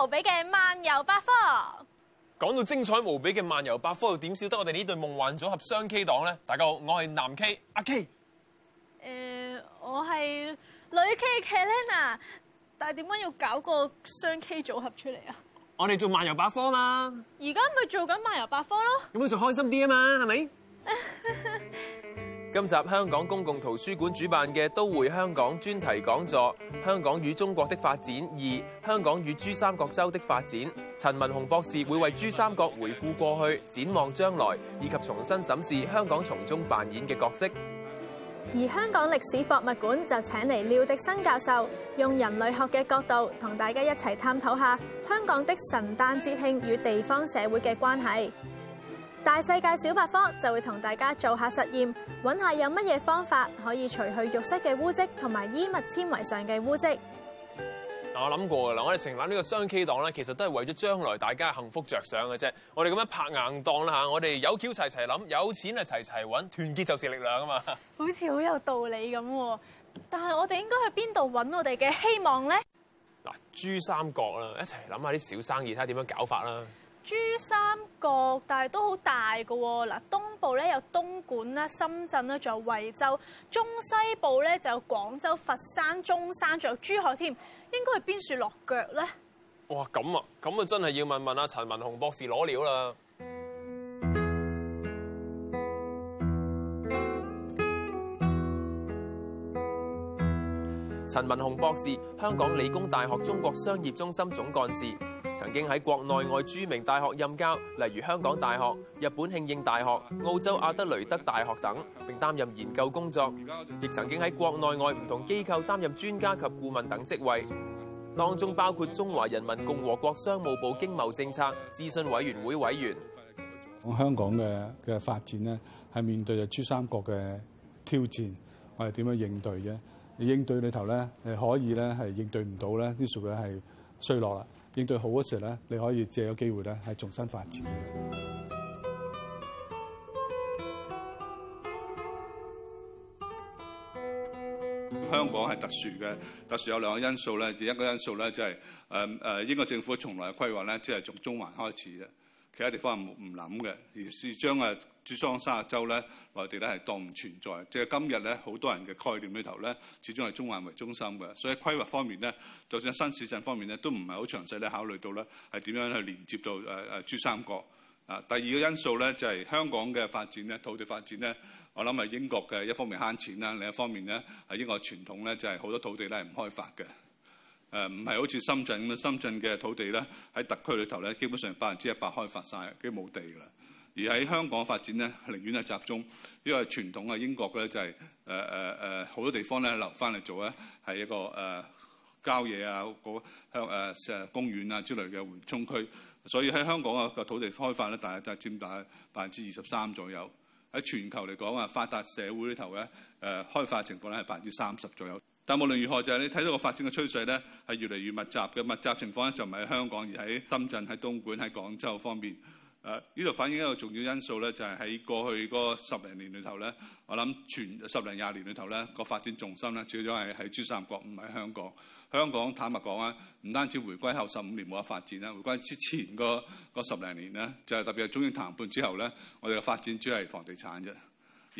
無比嘅漫遊百科，講到精彩無比嘅漫遊百科又點少得我哋呢對夢幻組合雙 K 黨咧？大家好，我係男 K 阿 K，誒、呃，我係女 K Kelina 但係點解要搞個雙 K 組合出嚟啊？我哋做漫遊百科嘛，而家咪做緊漫遊百科咯，咁就開心啲啊嘛，係咪？ 今集香港公共圖書館主辦嘅《都會香港》專題講座《香港與中國的發展二》《香港與珠三角洲的發展》，陳文鴻博士會為珠三角回顧過去、展望將來，以及重新審視香港從中扮演嘅角色。而香港歷史博物館就請嚟廖迪生教授，用人類學嘅角度，同大家一齊探討下香港的神誕節慶與地方社會嘅關係。《大世界小百科》就會同大家做下實驗，搵下有乜嘢方法可以除去浴室嘅污漬同埋衣物纖維上嘅污漬。嗱，我諗過噶啦，我哋成立呢個雙 K 檔咧，其實都係為咗將來大家幸福着想嘅啫。我哋咁樣拍硬檔啦吓，我哋有 Q 齊齊諗，有錢啊齊齊搵，團結就是力量啊嘛。好似好有道理咁，但係我哋應該去邊度搵我哋嘅希望咧？嗱，珠三角啦，一齊諗下啲小生意，睇下點樣搞法啦。珠三角，但係都好大噶喎。嗱，東部咧有東莞啦、深圳啦，仲有惠州；中西部咧就有廣州、佛山、中山，仲有珠海添。應該係邊處落腳咧？哇，咁啊，咁啊，真係要問問啊。陳文鴻博士攞料啦。陳文鴻博士，香港理工大學中國商業中心總幹事。曾經喺國內外著名大學任教，例如香港大學、日本慶應大學、澳洲阿德雷德大學等，並擔任研究工作。亦曾經喺國內外唔同機構擔任專家及顧問等職位，當中包括中華人民共和國商務部經貿政策諮詢委員會委員。香港嘅嘅發展咧，係面對着珠三角嘅挑戰，我哋點樣應對嘅？你應對裏頭呢，可以咧係應對唔到呢，啲數據係衰落啦。應對好嗰時咧，你可以借個機會咧，係重新發展嘅。香港係特殊嘅，特殊有兩個因素咧，就一個因素咧就係誒誒英國政府從來嘅規劃咧，即係從中環開始嘅。其他地方唔唔諗嘅，而是將啊珠江三角洲咧，內地咧係當唔存在。即係今日咧，好多人嘅概念裏頭咧，始終係中環為中心嘅，所以規劃方面咧，就算新市鎮方面咧，都唔係好詳細咧考慮到咧，係點樣去連接到誒誒、呃、珠三角。啊，第二個因素咧就係、是、香港嘅發展咧，土地發展咧，我諗係英國嘅一方面慳錢啦，另一方面咧係英國傳統咧就係、是、好多土地咧係唔開發嘅。誒唔係好似深圳咁，深圳嘅土地咧喺特區裏頭咧，基本上百分之一百開發晒，已經冇地啦。而喺香港的發展咧，寧願係集中，因為傳統嘅英國咧就係誒誒誒好多地方咧留翻嚟做咧，係一個誒郊、呃、野啊嗰誒誒公園啊之類嘅緩衝區。所以喺香港嘅土地開發咧，大概都係佔大百分之二十三左右。喺全球嚟講啊，發達社會裏頭咧，誒、呃、開發情況咧係百分之三十左右。但係無論如何，就係、是、你睇到個發展嘅趨勢咧，係越嚟越密集嘅。密集情況咧，就唔係喺香港，而喺深圳、喺東莞、喺廣州方面。誒、啊，呢度反映一個重要因素咧，就係、是、喺過去嗰十零年裏頭咧，我諗全十零廿年裏頭咧，個發展重心咧，始終係喺珠三角，唔係香港。香港坦白講啊，唔單止回歸後十五年冇得發展啦，回歸之前嗰十零年咧，就係、是、特別係中英談判之後咧，我哋嘅發展主要係房地產啫。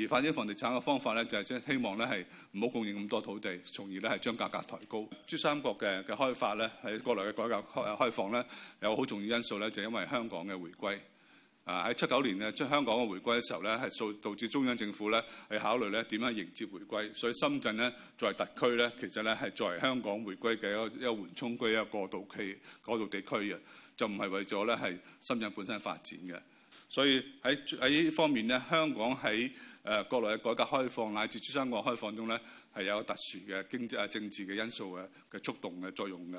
而發展房地產嘅方法咧，就係即希望咧係唔好供應咁多土地，從而咧係將價格抬高。珠三角嘅嘅開發咧，喺國內嘅改革開開放咧，有好重要因素咧，就係因為香港嘅回歸啊！喺七九年咧，將香港嘅回歸嘅時候咧，係造導致中央政府咧係考慮咧點樣迎接回歸，所以深圳咧作為特區咧，其實咧係作為香港回歸嘅一個一個緩衝區、一個過渡區、過渡地區嘅，就唔係為咗咧係深圳本身發展嘅。所以喺喺呢方面咧，香港喺誒、呃、國內嘅改革開放乃至珠三角開放中咧，係有特殊嘅經濟啊政治嘅因素嘅嘅觸動嘅作用嘅。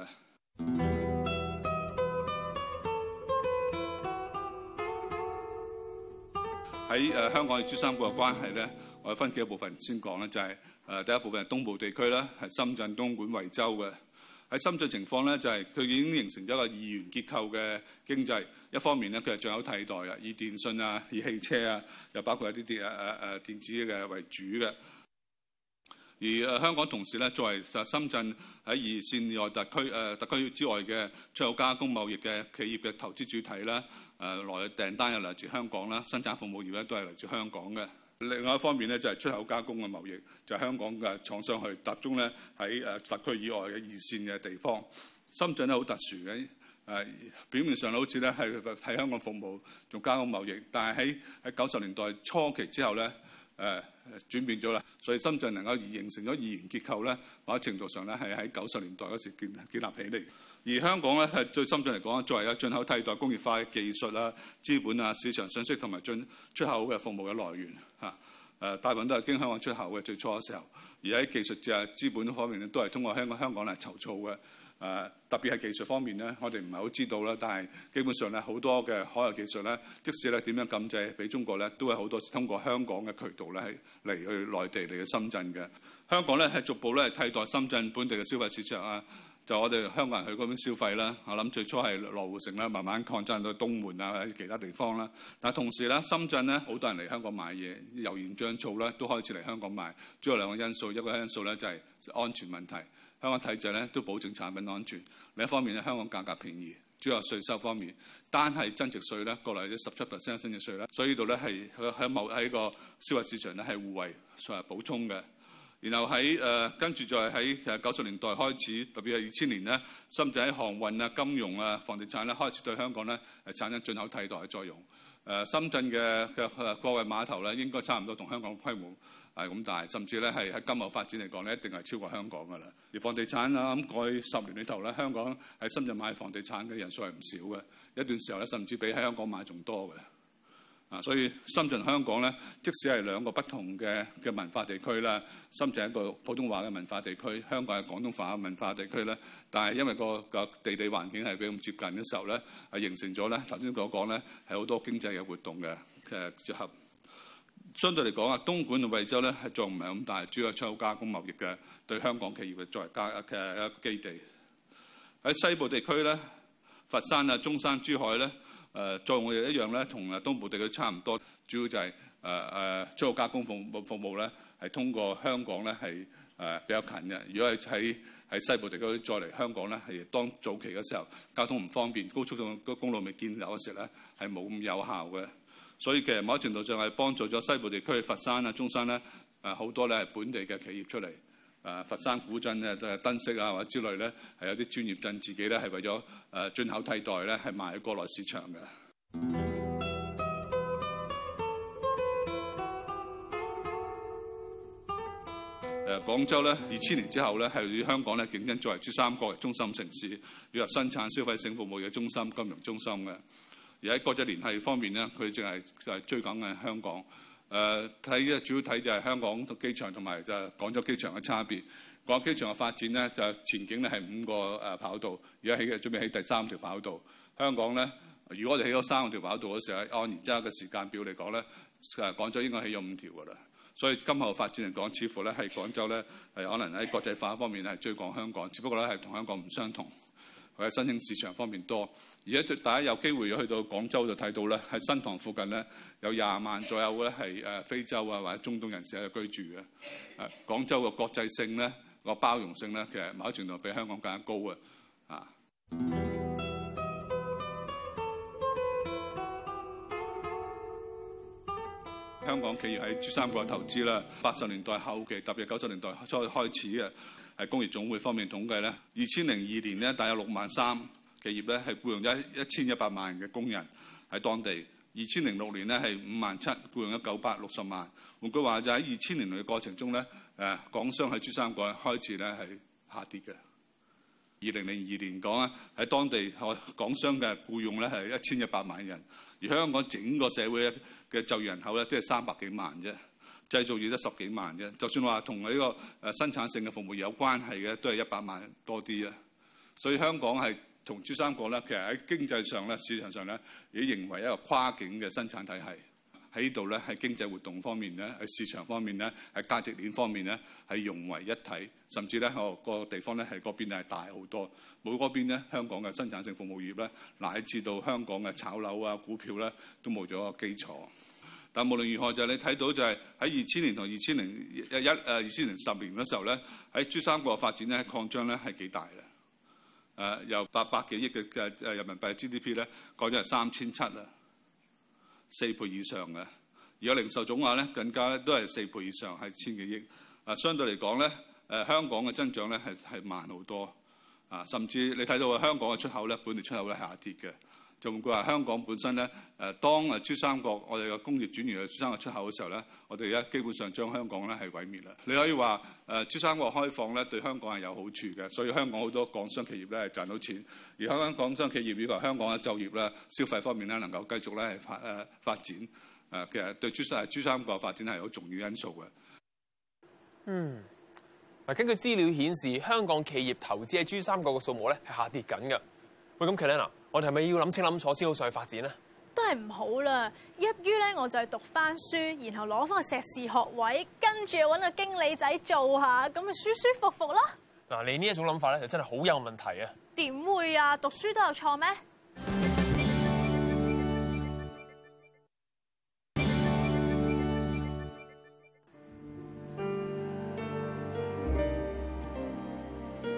喺誒、呃、香港與珠三角嘅關係咧，我哋分幾個部分先講咧，就係、是、誒、呃、第一部分係東部地區啦，係深圳、東莞、惠州嘅。喺深圳情況咧，就係佢已經形成咗一個二元結構嘅經濟。一方面咧，佢係最有替代嘅，以電信啊、以汽車啊，又包括一啲啲誒誒電子嘅為主嘅。而誒香港同時咧，作為深圳喺二線以外特區誒特區之外嘅出口加工貿易嘅企業嘅投資主體啦，誒來訂單又嚟自香港啦，生產服務業咧都係嚟自香港嘅。另外一方面咧，就係出口加工嘅貿易，就是，香港嘅廠商去集中咧喺誒特區以外嘅二線嘅地方。深圳咧好特殊嘅，誒表面上好似咧係睇香港服務，仲加工貿易，但係喺喺九十年代初期之後咧，誒、呃、轉變咗啦。所以深圳能夠形成咗二元結構咧，某程度上咧係喺九十年代嗰時建建立起嚟。而香港咧係對深圳嚟講，作為一進口替代工業化嘅技術啊、資本啊、市場信息同埋進出口嘅服務嘅來源嚇，誒、啊、大部分都係經香港出口嘅最初嘅時候。而喺技術啊、資本方面咧，都係通過香香港嚟籌措嘅。誒、啊、特別係技術方面咧，我哋唔係好知道啦，但係基本上咧好多嘅海外技術咧，即使咧點樣禁制俾中國咧，都係好多通過香港嘅渠道咧嚟去內地嚟去深圳嘅。香港咧係逐步咧替代深圳本地嘅消費市場啊。就是、我哋香港人去嗰邊消費啦，我諗最初係羅湖城啦，慢慢擴展到東門啊，或者其他地方啦。但係同時咧，深圳咧好多人嚟香港買嘢，油鹽醬醋咧都開始嚟香港買，主要有兩個因素，一個因素咧就係安全問題，香港體制咧都保證產品安全。另一方面咧，香港價格便宜，主要係稅收方面。單係增值稅咧，國內啲十七 percent 嘅增值稅咧，所以呢度咧係喺響某喺個消費市場咧係互惠所謂補充嘅。然後喺誒跟住再喺九十年代開始，特別係二千年咧，深圳喺航運啊、金融啊、房地產咧，開始對香港咧係產生進口替代嘅作用。誒、呃，深圳嘅嘅各位碼頭咧，應該差唔多同香港規模係咁大，啊、甚至咧係喺今後發展嚟講咧，一定係超過香港㗎啦。而房地產啊，咁、嗯、過去十年裏頭咧，香港喺深圳買房地產嘅人數係唔少嘅，一段時候咧，甚至比喺香港買仲多嘅。啊，所以深圳、香港咧，即使係兩個不同嘅嘅文化地區啦，深圳一個普通話嘅文化地區，香港係廣東話嘅文化地區咧，但係因為個個地理環境係比較接近嘅時候咧，係形成咗咧，頭先所講咧係好多經濟嘅活動嘅嘅結合。相對嚟講啊，東莞同惠州咧係仲唔係咁大，主要係出口加工貿易嘅，對香港企業嘅作為加嘅一個基地。喺西部地區咧，佛山啊、中山、珠海咧。呃、作用我哋一樣咧，同誒東部地區差唔多，主要就係誒誒出口加工服服務咧，係通過香港咧係誒比較近嘅。如果係喺喺西部地區再嚟香港咧，係當早期嘅時候交通唔方便，高速嘅公路未建立嘅時候咧，係冇咁有效嘅。所以其實某程度上係幫助咗西部地區，佛山啊、中山咧，誒、呃、好多咧本地嘅企業出嚟。誒、啊、佛山古鎮咧，誒、啊、燈飾啊，或者之類咧，係有啲專業鎮自己咧，係為咗誒、啊、進口替代咧，係賣喺國內市場嘅。誒、啊、廣州咧，二千年之後咧，係以香港咧競爭作為珠三角中心城市，以及生產消費性服務嘅中心、金融中心嘅。而喺國際聯繫方面咧，佢淨係就係追趕緊嘅香港。誒，睇嘅主要睇就係香港同機場同埋就係廣州機場嘅差別。廣州機場嘅發展咧，就前景咧係五個誒，跑道，而家起嘅準備起第三條跑道。香港咧，如果我哋起咗三條跑道嘅時候，按而家嘅時間表嚟講咧，誒，廣州應該起咗五條㗎啦。所以今後發展嚟講，似乎咧係廣州咧係可能喺國際化方面係追趕香港，只不過咧係同香港唔相同。喺新興市場方面多，而家大家有機會去到廣州就睇到啦，喺新塘附近咧有廿萬左右咧係誒非洲啊或者中東人士喺度居住嘅。誒，廣州嘅國際性咧，個包容性咧，其實某程度比香港更加高嘅。啊， 香港企業喺珠三角投資啦，八十年代後期，特別九十年代初開始嘅。喺工業總會方面統計咧，二千零二年咧，大約六萬三企業咧，係僱用咗一千一百萬嘅工人喺當地。二千零六年咧，係五萬七僱用咗九百六十萬。換句話就喺二千年嘅過程中咧，誒港商喺珠三角開始咧係下跌嘅。二零零二年講啊，喺當地港商嘅僱用咧係一千一百萬人，而香港整個社會嘅就業人口咧，都係三百幾萬啫。製造業得十幾萬啫，就算話同呢個誒生產性嘅服務業有關係嘅，都係一百萬多啲啊！所以香港係同珠三角咧，其實喺經濟上咧、市場上咧，已成為一個跨境嘅生產體系。喺呢度咧，喺經濟活動方面咧、喺市場方面咧、喺價值鏈方面咧，係融為一體。甚至咧，個地方咧喺嗰邊係大好多。冇嗰邊咧，香港嘅生產性服務業咧，乃至到香港嘅炒樓啊、股票咧，都冇咗個基礎。但係無論如何，就係、是、你睇到就係喺二千年同二千零一一誒二千零十年嘅時候咧，喺珠三角嘅發展咧擴張咧係幾大嘅，誒、呃、由八百幾億嘅誒人民幣的 GDP 咧擴咗係三千七啊，四倍以上嘅，而家零售總額咧更加咧都係四倍以上係千幾億，啊、呃、相對嚟講咧誒香港嘅增長咧係係慢好多，啊、呃、甚至你睇到嘅香港嘅出口咧本地出口咧下跌嘅。仲話香港本身咧，誒當誒珠三角我哋嘅工業轉移去珠三角出口嘅時候咧，我哋而家基本上將香港咧係毀滅啦。你可以話誒珠三角開放咧對香港係有好處嘅，所以香港好多港商企業咧係賺到錢。而香港港商企業以及香港嘅就業啦、消費方面咧能夠繼續咧係發誒發展誒，其實對珠三角發展係好重要因素嘅。嗯，嗱根據資料顯示，香港企業投資喺珠三角嘅數目咧係下跌緊嘅。喂，咁其實呢，我哋係咪要諗清諗楚先好上去發展咧？都係唔好啦，一於咧我就係讀翻書，然後攞翻個碩士學位，跟住又搵個經理仔做下，咁咪舒舒服服咯。嗱，你呢一種諗法咧，就真係好有問題啊！點會啊？讀書都有錯咩？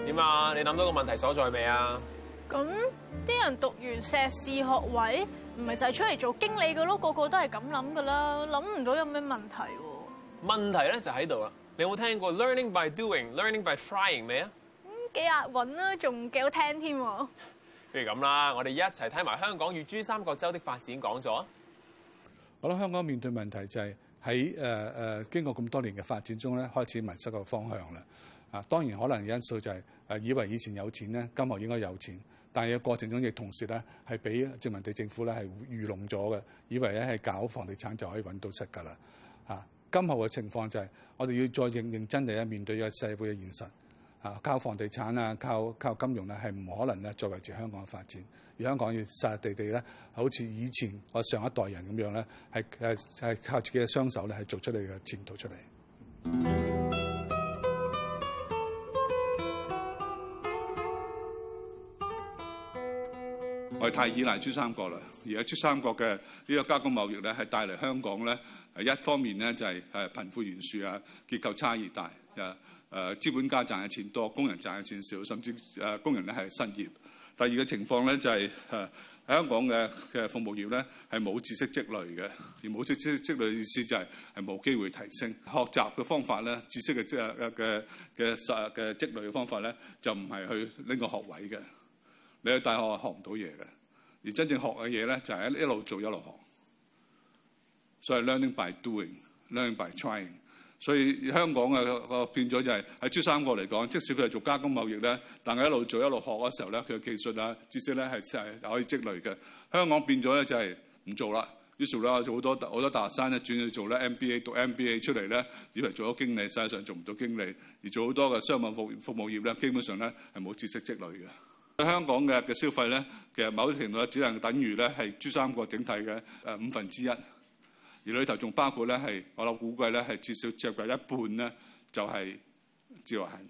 點啊？你諗到個問題所在未啊？咁啲人讀完碩士學位，唔係就係出嚟做經理嘅咯，個個都係咁諗㗎啦，諗唔到有咩問題喎？問題咧就喺度啦，你有冇聽過 learning by doing、learning by trying 未啊？咁幾押韻啦，仲、嗯、幾好聽添。譬如咁啦，我哋一齊睇埋香港與珠三角洲的發展講座。我諗香港面對問題就係喺誒誒經過咁多年嘅發展中咧，開始迷失個方向啦。啊，當然可能因素就係誒，以為以前有錢咧，今後應該有錢，但係個過程中亦同時咧，係俾殖民地政府咧係愚弄咗嘅，以為咧係搞房地產就可以揾到食㗎啦。啊，今後嘅情況就係我哋要再認認真地咧面對依個社會嘅現實。啊，靠房地產啊，靠靠金融咧係唔可能咧再維持香港嘅發展。而香港要實地地咧，好似以前我上一代人咁樣咧，係係係靠自己嘅雙手咧係做出嚟嘅前途出嚟。太依賴珠三角啦，而家珠三角嘅呢個加工貿易咧，係帶嚟香港咧，係一方面咧就係、是、誒貧富懸殊啊，結構差異大，啊誒資本家賺嘅錢多，工人賺嘅錢少，甚至誒工人咧係失業。第二嘅情況咧就係誒喺香港嘅嘅服務業咧係冇知識積累嘅，而冇知識積累嘅意思就係係冇機會提升學習嘅方法咧，知識嘅嘅嘅嘅嘅嘅積累嘅方法咧就唔係去拎個學位嘅，你去大學學唔到嘢嘅。而真正學嘅嘢咧，就係一路做一路學，所以 learning by doing，learning by trying。所以香港嘅、就是、個變咗就係喺珠三角嚟講，即使佢係做加工貿易咧，但係一路做一路學嗰時候咧，佢嘅技術啊知識咧係係可以積累嘅。香港變咗咧就係唔做啦，於是咧好多好多大學生咧轉去做咧 MBA，讀 MBA 出嚟咧以為做咗經理，實際上做唔到經理，而做好多嘅商品服服務業咧，基本上咧係冇知識積累嘅。香港嘅嘅消費咧，其實某程度只能等於咧係珠三角整體嘅誒五分之一，而裏頭仲包括咧係我諗估計咧係至少接近一半咧就係自由行。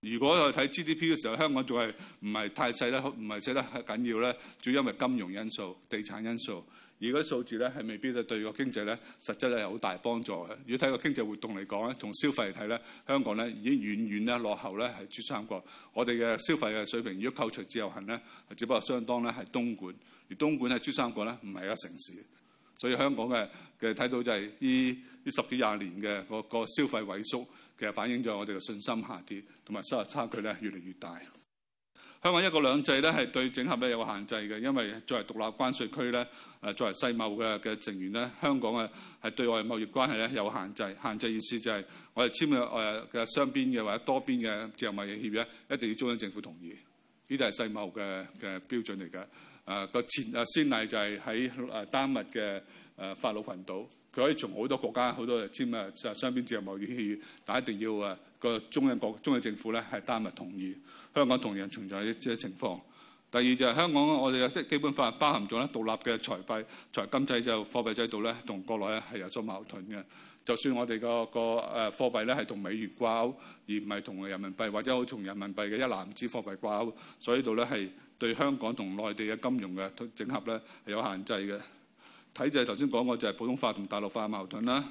如果我睇 GDP 嘅時候，香港仲係唔係太細咧？唔係細得緊要咧，主要因為金融因素、地產因素。而嗰啲數字咧係未必對個經濟咧，實質咧係好大幫助嘅。如果睇個經濟活動嚟講咧，從消費嚟睇咧，香港咧已經遠遠咧落後咧係珠三角。我哋嘅消費嘅水平，如果扣除自由行咧，只不過相當咧係東莞。而東莞喺珠三角咧唔係一個城市，所以香港嘅嘅睇到就係呢呢十幾廿年嘅個消費萎縮，其實反映咗我哋嘅信心下跌，同埋收入差距咧越嚟越大。香港一國兩制咧，係對整合咧有限制嘅，因為作為獨立關稅區咧，誒作為世貿嘅嘅成員咧，香港誒係對外貿易關係咧有限制。限制意思就係我哋簽嘅誒嘅雙邊嘅或者多邊嘅自由貿易協議咧，一定要中央政府同意，呢啲係世貿嘅嘅標準嚟㗎。誒個前誒先例就係喺誒丹麥嘅誒法羅羣島，佢可以從好多國家好多嘅簽誒雙邊自由貿易協議，但一定要誒個中央國中央政府咧係丹麥同意。香港同樣存在呢啲情況。第二就係、是、香港，我哋有嘅基本法包含咗咧獨立嘅財幣財金制就貨幣制度咧，同國內咧係有所矛盾嘅。就算我哋個個誒貨幣咧係同美元掛鈎，而唔係同人民幣或者好同人民幣嘅一籃子貨幣掛鈎，所以度咧係對香港同內地嘅金融嘅整合咧係有限制嘅。體制係頭先講過，就係普通化同大陸化嘅矛盾啦，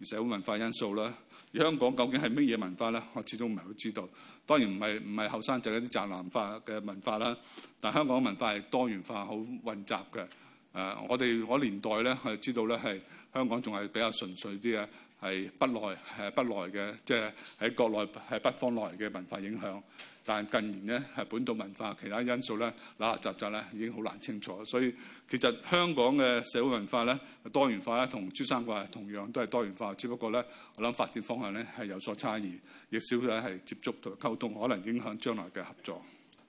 而社會文化因素啦，而香港究竟係乜嘢文化咧？我始終唔係好知道。當然唔係唔係後生仔嗰啲宅男化嘅文化啦，但香港文化係多元化、好混雜嘅。誒、呃，我哋嗰年代咧我知道咧係香港仲係比較純粹啲嘅，係北內係北內嘅，即係喺國內喺北方內嘅文化影響。但近年咧，係本土文化其他因素咧，攪雜雜咧，已經好難清楚。所以其實香港嘅社會文化咧，多元化咧，同珠三角係同樣都係多元化，只不過咧，我諗發展方向咧係有所差異，亦少咗係接觸同溝通，可能影響將來嘅合作。誒、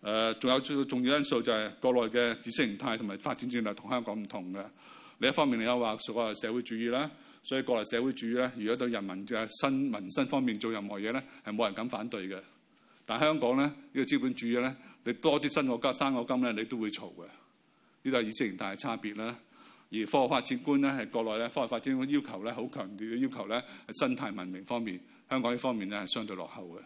呃，仲有最重要因素就係、是、國內嘅意識形態同埋發展戰略同香港唔同嘅。另一方面你又話所謂社會主義啦，所以國內社會主義咧，如果對人民嘅新民生方面做任何嘢咧，係冇人敢反對嘅。但香港咧呢、這個資本主義咧，你多啲新個金、生個金咧，你都會嘈嘅。呢個係意識型態嘅差別啦。而科學發展觀咧，係國內咧科學發展觀要求咧好強烈嘅要求咧，係生態文明方面，香港呢方面咧係相對落後嘅。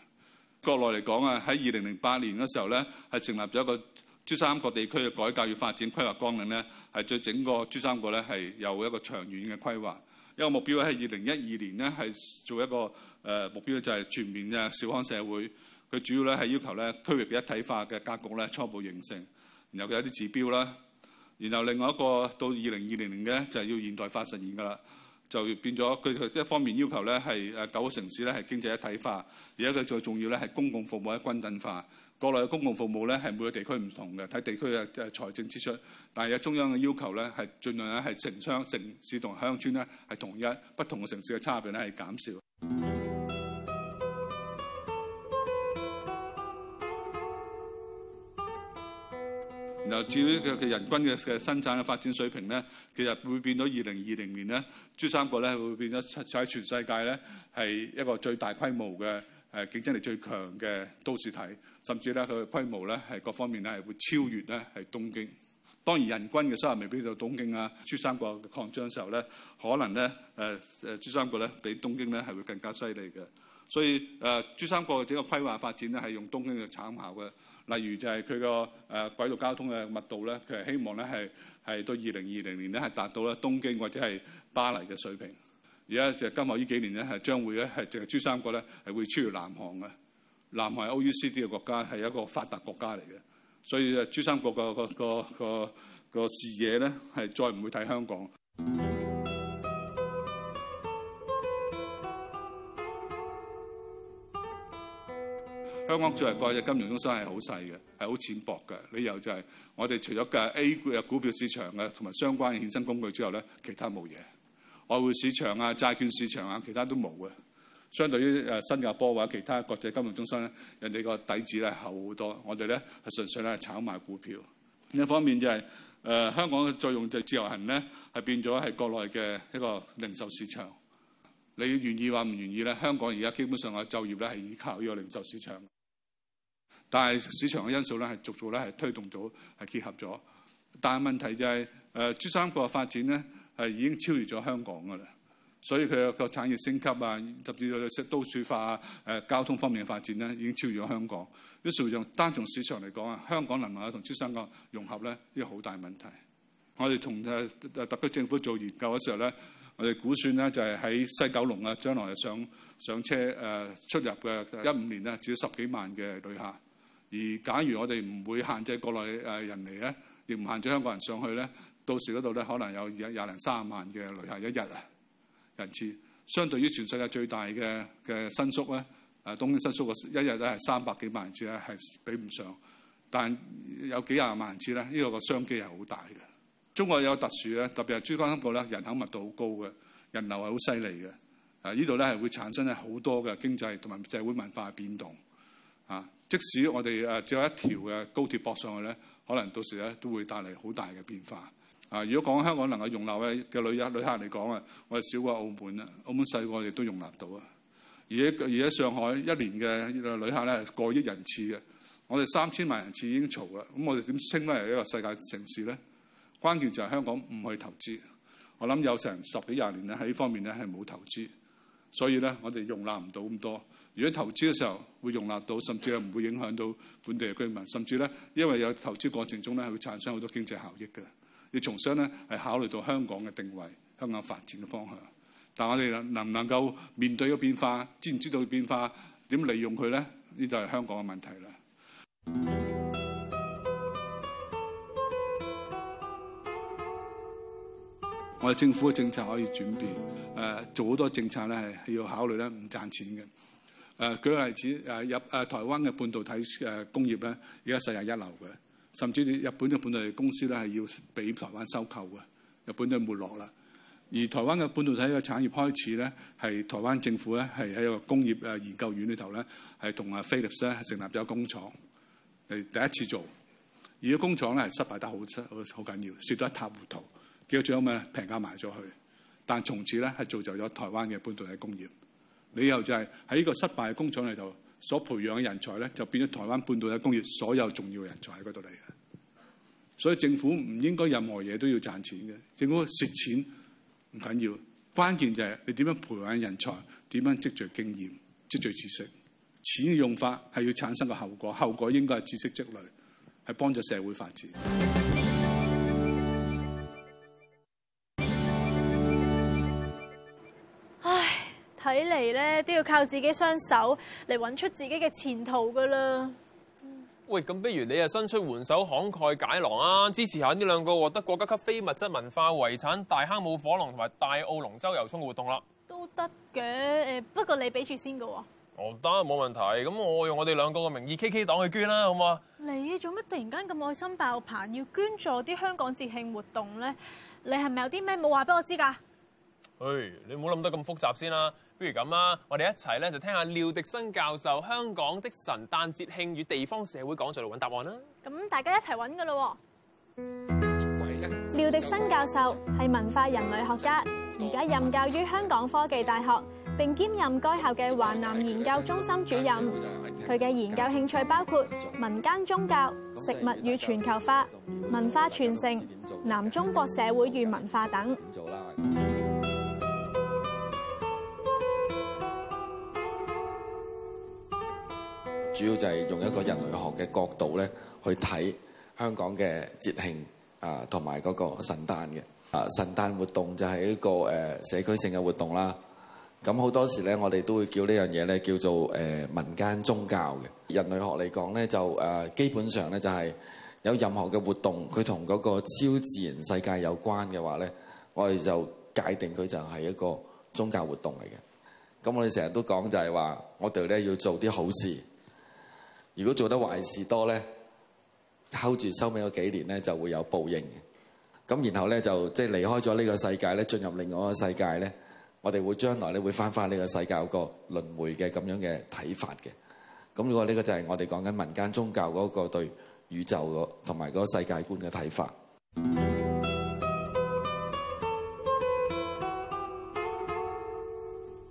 國內嚟講啊，喺二零零八年嘅時候咧，係成立咗一個珠三角地區嘅改革與發展規劃綱領咧，係對整個珠三角咧係有一個長遠嘅規劃。一個目標係二零一二年咧係做一個誒、呃、目標就係全面嘅小康社會。佢主要咧係要求咧區域嘅一體化嘅格局咧初步形成，然後佢有啲指標啦，然後另外一個到二零二零年咧就係要現代化實現噶啦，就變咗佢一方面要求咧係誒九個城市咧係經濟一體化，而家佢最重要咧係公共服務嘅均等化。國內嘅公共服務咧係每個地區唔同嘅，睇地區嘅誒財政支出，但係有中央嘅要求咧係儘量咧係城鄉城市同鄉村咧係同一，不同嘅城市嘅差別咧係減少。至於佢嘅人均嘅嘅生產嘅發展水平咧，其實會變咗二零二零年咧，珠三角咧會變咗喺全世界咧係一個最大規模嘅誒競爭力最強嘅都市體，甚至咧佢嘅規模咧係各方面咧係會超越咧係東京。當然人均嘅收入未必到東京啊，珠三角擴張嘅時候咧，可能咧誒誒珠三角咧比東京咧係會更加犀利嘅。所以誒，珠三角嘅整個規劃發展咧係用東京嘅參考嘅。例如就係佢個誒軌道交通嘅密度咧，佢係希望咧係係到二零二零年咧係達到咧東京或者係巴黎嘅水平。而家就係今後呢幾年咧係將會咧係淨係珠三角咧係會超越南韓嘅。南韓係 OECD 嘅國家係一個發達國家嚟嘅，所以誒珠三角個個個個視野咧係再唔會睇香港。香港作為國際金融中心係好細嘅，係好淺薄嘅。理由就係我哋除咗嘅 A 股股票市場嘅同埋相關嘅衍生工具之後咧，其他冇嘢。外匯市場啊、債券市場啊，其他都冇嘅。相對於誒新加坡或者其他國際金融中心咧，人哋個底子咧厚好多。我哋咧係純粹咧係炒賣股票。另一方面就係、是、誒、呃、香港嘅作用就自由行咧，係變咗係國內嘅一個零售市場。你願意話唔願意咧？香港而家基本上嘅就業咧係依靠呢個零售市場。但係市場嘅因素咧，係逐步咧係推動到係結合咗。但係問題就係誒珠三角嘅發展咧係已經超越咗香港㗎啦，所以佢嘅個產業升級啊，甚至係都市化啊，誒交通方面嘅發展咧已經超越咗香港。於是用單從市場嚟講啊，香港能唔能同珠三角融合咧，呢個好大問題。我哋同誒特區政府做研究嘅時候咧，我哋估算咧就係、是、喺西九龍啊，將來上上車誒、呃、出入嘅一五年啊，至少十幾萬嘅旅客。而假如我哋唔會限制國內誒人嚟咧，亦唔限制香港人上去咧，到時嗰度咧可能有廿廿零三萬嘅旅客一日啊人次，相對於全世界最大嘅嘅新宿咧，誒東京新宿嘅一日咧係三百幾萬人次咧，係比唔上。但有幾廿萬人次咧，呢、這個個商機係好大嘅。中國有特殊咧，特別係珠江三角咧，人口密度好高嘅人流係好犀利嘅啊！呢度咧係會產生咧好多嘅經濟同埋社會文化嘅變動啊。即使我哋誒只有一條嘅高鐵駁上去咧，可能到時咧都會帶嚟好大嘅變化。啊，如果講香港能夠容納嘅嘅旅遊旅客嚟講啊，我哋少過澳門啦。澳門細個亦都容納到啊。而且而且上海一年嘅旅客咧，過億人次嘅，我哋三千萬人次已經嘈啦。咁我哋點稱得係一個世界城市咧？關鍵就係香港唔去投資。我諗有成十幾廿年咧喺呢方面咧係冇投資，所以咧我哋容納唔到咁多。如果投資嘅時候會容納到，甚至係唔會影響到本地嘅居民，甚至咧，因為有投資過程中咧，係會產生好多經濟效益嘅。要重新咧係考慮到香港嘅定位、香港的發展嘅方向。但我哋能唔能夠面對個變化，知唔知道變化，點利用佢咧？呢個係香港嘅問題啦。 我哋政府嘅政策可以轉變，誒做好多政策咧係要考慮咧唔賺錢嘅。誒舉個例子，誒入誒台灣嘅半導體誒工業咧，而家世界一流嘅，甚至日本嘅半導體公司咧係要俾台灣收購嘅，日本就沒落啦。而台灣嘅半導體嘅產業開始咧，係台灣政府咧係喺個工業誒研究院裏頭咧，係同阿飛利浦斯咧成立咗工廠，係第一次做。而個工廠咧係失敗得好好好緊要，輸到一塌糊塗，叫住咁啊平價賣咗去。但係從此咧係造就咗台灣嘅半導體工業。理由就係喺呢個失敗嘅工廠裏頭，所培養嘅人才咧，就變咗台灣半導體工業所有重要人才喺嗰度嚟嘅。所以政府唔應該任何嘢都要賺錢嘅，政府蝕錢唔緊要緊關鍵，關鍵就係你點樣培養人才，點樣積聚經驗、積聚知識。錢嘅用法係要產生個後果，後果應該係知識積累，係幫助社會發展。嚟咧都要靠自己雙手嚟揾出自己嘅前途噶啦。喂，咁不如你啊，伸出援手慷慨解囊啊，支持下呢兩個獲得國家級非物質文化遺產大坑舞火龍同埋大澳龍舟遊衝活動啦。都得嘅，誒不過你俾住先嘅喎、哦哦。哦，得，冇問題。咁我用我哋兩個嘅名義 K K 黨去捐啦，好嘛？你做乜突然間咁愛心爆棚，要捐助啲香港節慶活動咧？你係咪有啲咩冇話俾我知㗎？誒、哎，你唔好諗得咁複雜先啦、啊。不如咁啊，我哋一齊咧就聽，聽下廖迪生教授《香港的神誕節慶與地方社會》講座嚟揾答案啦。咁大家一齊揾噶咯。廖迪生教授係文化人類學家，而家任教於香港科技大學，並兼任該校嘅華南研究中心主任。佢嘅研究興趣包括民間宗教、食物與全球化、文化傳承、南中國社會與文化等。主要就係用一個人類學嘅角度咧，去睇香港嘅節慶啊，同埋嗰個神誕嘅啊，神誕活動就係一個誒社區性嘅活動啦。咁好多時咧，我哋都會叫呢樣嘢咧叫做誒民間宗教嘅人類學嚟講咧，就誒基本上咧就係有任何嘅活動，佢同嗰個超自然世界有關嘅話咧，我哋就界定佢就係一個宗教活動嚟嘅。咁我哋成日都講就係話我哋咧要做啲好事。如果做得壞事多咧，睺住收尾嗰幾年咧就會有報應嘅。咁然後咧就即係離開咗呢個世界咧，進入另外一個世界咧，我哋會將來咧會翻返呢個世界個輪迴嘅咁樣嘅睇法嘅。咁如果呢個就係我哋講緊民間宗教嗰個對宇宙和個同埋嗰個世界觀嘅睇法。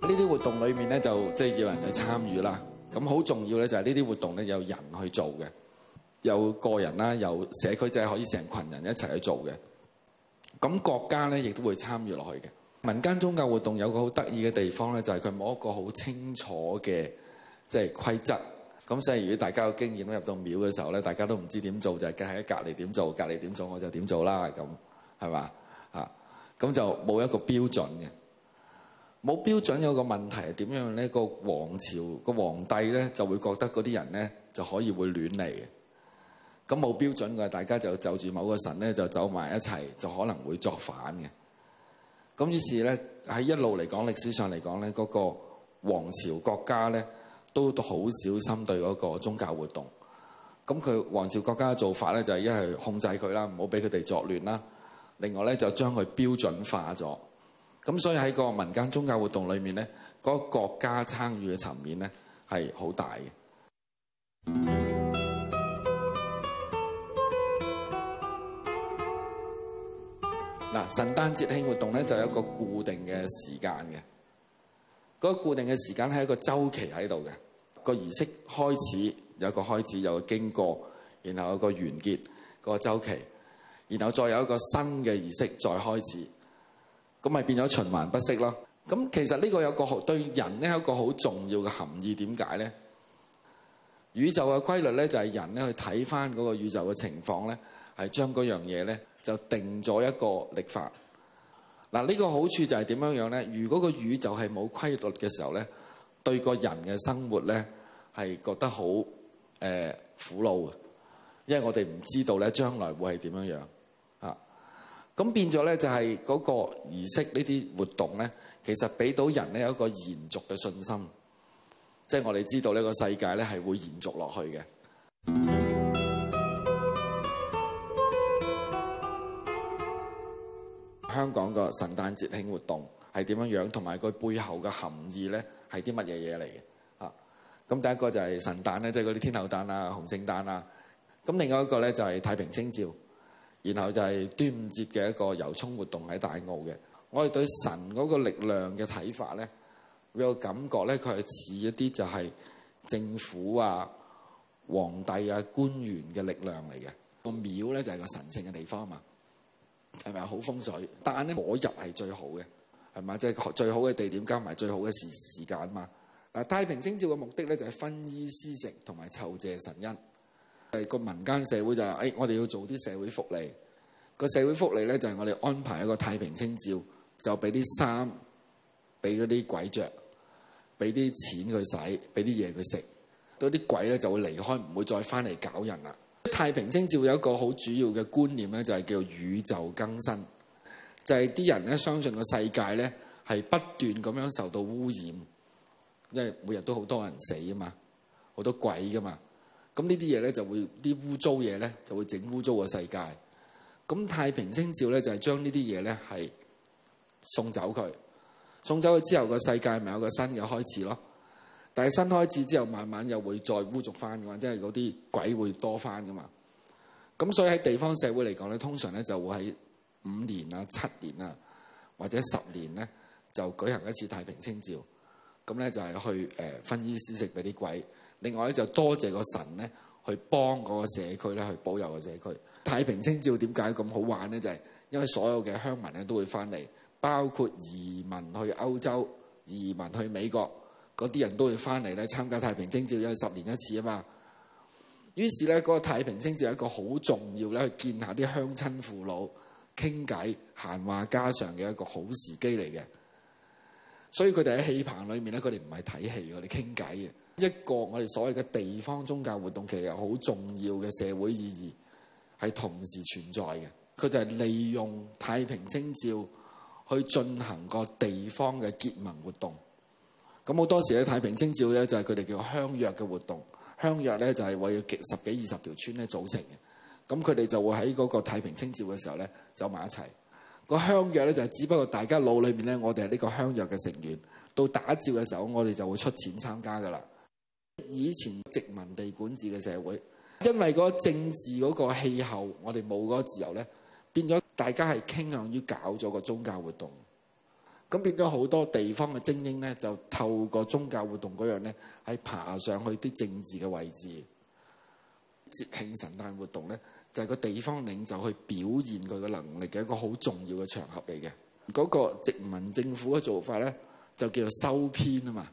呢啲活動裏面咧就即係叫人去參與啦。咁好重要咧，就係呢啲活動咧，有人去做嘅，有個人啦，有社區就係、是、可以成群人一齊去做嘅。咁國家咧亦都會參與落去嘅。民間宗教活動有個好得意嘅地方咧，就係佢冇一個好清楚嘅即係規則。咁、就是、所以如果大家有經驗咧，入到廟嘅時候咧，大家都唔知點做，就係、是、喺隔離點做，隔離點做，我就點做啦咁，係嘛嚇？咁就冇一個標準嘅。冇標準，有個問題係點樣咧？個皇朝個皇帝咧就會覺得嗰啲人咧就可以會亂嚟嘅。咁冇標準嘅，大家就就住某個神咧就走埋一齊，就可能會作反嘅。咁於是咧喺一路嚟講，歷史上嚟講咧，嗰個皇朝國家咧都都好小心對嗰個宗教活動。咁佢皇朝國家嘅做法咧就係一係控制佢啦，唔好俾佢哋作亂啦。另外咧就將佢標準化咗。咁所以喺個民間宗教活動裏面咧，嗰個國家參與嘅層面咧係好大嘅。嗱，神誕節慶活動咧就有一個固定嘅時間嘅，嗰個固定嘅時間係一個週期喺度嘅。嗰個儀式開始有個開始，有個經過，然後有個完結，嗰個週期，然後再有一個新嘅儀式再開始。咁咪變咗循環不息咯。咁其實呢個有個對人咧有個好重要嘅含義點解呢？宇宙嘅規律咧就係人咧去睇翻嗰個宇宙嘅情況咧，係將嗰樣嘢咧就定咗一個曆法。嗱、這、呢個好處就係點樣樣呢？如果個宇宙係冇規律嘅時候咧，對個人嘅生活咧係覺得好誒苦惱，因為我哋唔知道咧將來會係點樣樣。咁變咗咧，就係嗰個儀式呢啲活動咧，其實俾到人咧有一個延續嘅信心，即係我哋知道呢個世界咧係會延續落去嘅。 香港個神誕節慶活動係點樣樣，同埋佢背後嘅含義咧係啲乜嘢嘢嚟嘅？啊，咁第一個就係神誕咧，即係嗰啲天后誕啊、洪聖誕啊，咁另外一個咧就係太平清醮。然後就係端午節嘅一個遊涌活動喺大澳嘅，我哋對神嗰個力量嘅睇法咧，會有感覺咧，佢係似一啲就係政府啊、皇帝啊、官員嘅力量嚟嘅。個廟咧就係個神聖嘅地方啊嘛，係咪？好風水，但係咧，我入係最好嘅，係咪？即係最好嘅地點加埋最好嘅時時間啊嘛。啊，太平清醮嘅目的咧就係分衣施食同埋酬謝神恩。係個民間社會就係，誒，我哋要做啲社會福利。個社會福利咧就係我哋安排一個太平清醮，就俾啲衫，俾嗰啲鬼着，俾啲錢佢使，俾啲嘢佢食。嗰啲鬼咧就會離開，唔會再翻嚟搞人啦。太平清醮有一個好主要嘅觀念咧，就係叫宇宙更新，就係啲人咧相信個世界咧係不斷咁樣受到污染，因為每日都好多人死啊嘛，好多鬼噶嘛。咁呢啲嘢咧就會啲污糟嘢咧就會整污糟嘅世界。咁太平清醮咧就係、是、將呢啲嘢咧係送走佢，送走佢之後個世界咪有個新嘅開始咯。但係新開始之後，慢慢又會再污濁翻嘅嘛，即係嗰啲鬼會多翻嘅嘛。咁所以喺地方社會嚟講咧，通常咧就會喺五年啊、七年啊或者十年咧就舉行一次太平清醮。咁咧就係去誒分衣施食俾啲鬼。另外咧就多謝個神咧，去幫嗰個社區咧，去保佑個社區。太平清醮點解咁好玩咧？就係因為所有嘅鄉民咧都會翻嚟，包括移民去歐洲、移民去美國嗰啲人都會翻嚟咧參加太平清醮，因為十年一次啊嘛。於是咧，嗰個太平清醮係一個好重要咧，去見下啲鄉親父老傾偈閒話家常嘅一個好時機嚟嘅。所以佢哋喺戲棚裏面咧，佢哋唔係睇戲嘅，佢哋傾偈嘅。一個我哋所謂嘅地方宗教活動，其實好重要嘅社會意義係同時存在嘅。佢就係利用太平清醮去進行個地方嘅結盟活動。咁好多時咧，太平清醮咧就係佢哋叫鄉約嘅活動。鄉約咧就係為咗十幾二十條村咧組成嘅。咁佢哋就會喺嗰個太平清醮嘅時候咧走埋一齊。個鄉約咧就係只不過大家腦裏面咧，我哋係呢個鄉約嘅成員。到打醮嘅時候，我哋就會出錢參加㗎啦。以前殖民地管治嘅社會，因為個政治嗰個氣候，我哋冇嗰個自由咧，變咗大家係傾向於搞咗個宗教活動，咁變咗好多地方嘅精英咧，就透過宗教活動嗰樣咧，係爬上去啲政治嘅位置。節慶神誕活動咧，就係個地方領袖去表現佢嘅能力嘅一個好重要嘅場合嚟嘅。嗰個殖民政府嘅做法咧，就叫做收編啊嘛。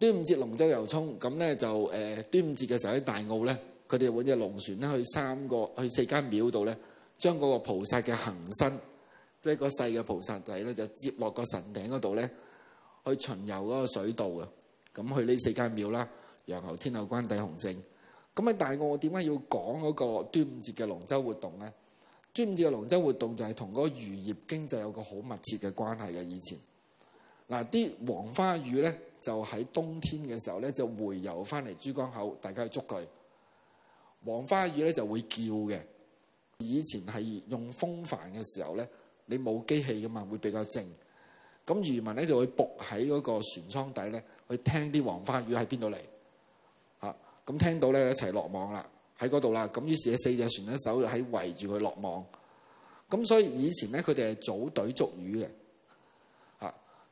端午節龍舟遊涌咁咧，就誒端午節嘅時候喺大澳咧，佢哋搵隻龍船咧去三個去四間廟度咧，將嗰個菩薩嘅行身，即係個細嘅菩薩仔咧，就接落個神頂嗰度咧，去巡遊嗰個水道啊。咁去呢四間廟啦，楊侯、天后、關帝、洪聖。咁喺大澳點解要講嗰個端午節嘅龍舟活動咧？端午節嘅龍舟活動就係同嗰個漁業經濟有個好密切嘅關係嘅。以前嗱啲黃花魚咧。就喺冬天嘅時候咧，就洄游翻嚟珠江口，大家去捉佢。黃花魚咧就會叫嘅。以前係用風帆嘅時候咧，你冇機器噶嘛，會比較靜。咁漁民咧就會伏喺嗰個船艙底咧，去聽啲黃花魚喺邊度嚟。嚇咁聽到咧，一齊落網啦，喺嗰度啦。咁於是咧四隻船聯手喺圍住佢落網。咁所以以前咧佢哋係組隊捉魚嘅。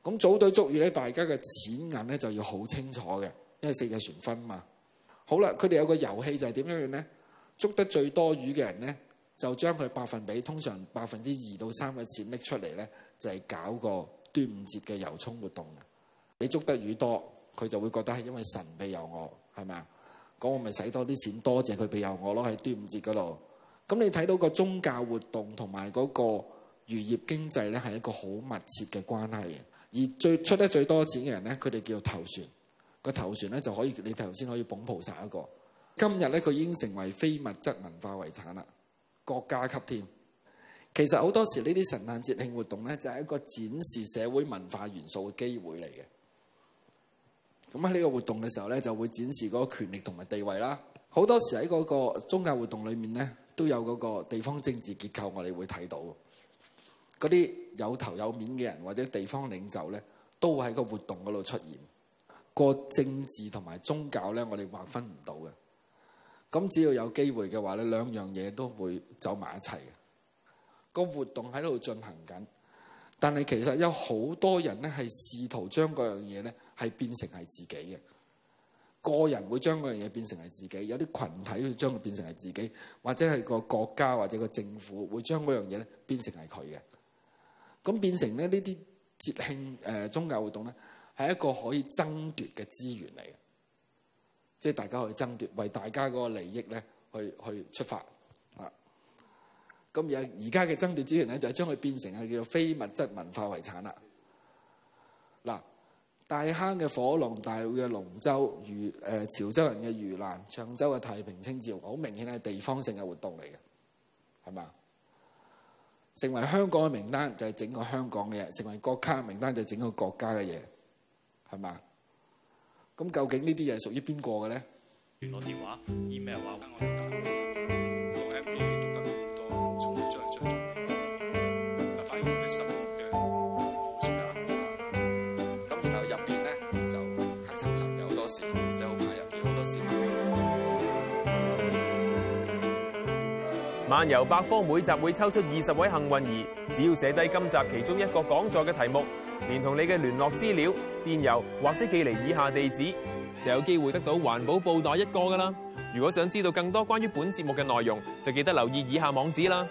咁組隊捉魚咧，大家嘅錢銀咧就要好清楚嘅，因為四隻船分嘛。好啦，佢哋有個遊戲就係點樣樣咧？捉得最多魚嘅人咧，就將佢百分比，通常百分之二到三嘅錢拎出嚟咧，就係、是、搞個端午節嘅遊涌活動。你捉得魚多，佢就會覺得係因為神庇佑我，係咪啊？咁我咪使多啲錢多謝佢庇佑我咯。喺端午節嗰度，咁你睇到個宗教活動同埋嗰個漁業經濟咧，係一個好密切嘅關係。而最出得最多錢嘅人咧，佢哋叫做頭船。個頭船咧就可以，你頭先可以捧菩薩一個。今日咧，佢已經成為非物質文化遺產啦，國家級添。其實好多時呢啲神誕節慶活動咧，就係一個展示社會文化元素嘅機會嚟嘅。咁喺呢個活動嘅時候咧，就會展示嗰個權力同埋地位啦。好多時喺嗰個宗教活動裏面咧，都有嗰個地方政治結構我們，我哋會睇到。嗰啲有頭有面嘅人或者地方領袖咧，都會喺個活動嗰度出現。個政治同埋宗教咧，我哋劃分唔到嘅。咁只要有機會嘅話咧，兩樣嘢都會走埋一齊嘅。個活動喺度進行緊，但係其實有好多人咧，係試圖將嗰樣嘢咧係變成係自己嘅。個人會將嗰樣嘢變成係自己，有啲群體會將佢變成係自己，或者係個國家或者個政府會將嗰樣嘢咧變成係佢嘅。咁變成咧呢啲節慶宗教活動咧，係一個可以爭奪嘅資源嚟嘅，即係大家可以爭奪，為大家嗰個利益咧去去出發啊！咁而而家嘅爭奪資源咧，就將佢變成係叫做非物質文化遺產啦。嗱，大坑嘅火龍、大會嘅龍舟、漁潮州人嘅盂蘭、長洲嘅太平清醮，好明顯係地方性嘅活動嚟嘅，係咪啊？成為香港嘅名單就係整個香港嘅嘢，成為國家嘅名單就係整個國家嘅嘢，係嘛？咁究竟這些是屬於哪個的呢啲嘢屬於邊個嘅咧？ 漫遊百科每集會抽出二十位幸運兒，只要寫低今集其中一個講座嘅題目，連同你嘅聯絡資料、電郵或者寄嚟以下地址，就有機會得到環保報袋一個噶啦。如果想知道更多關於本節目嘅內容，就記得留意以下網址啦。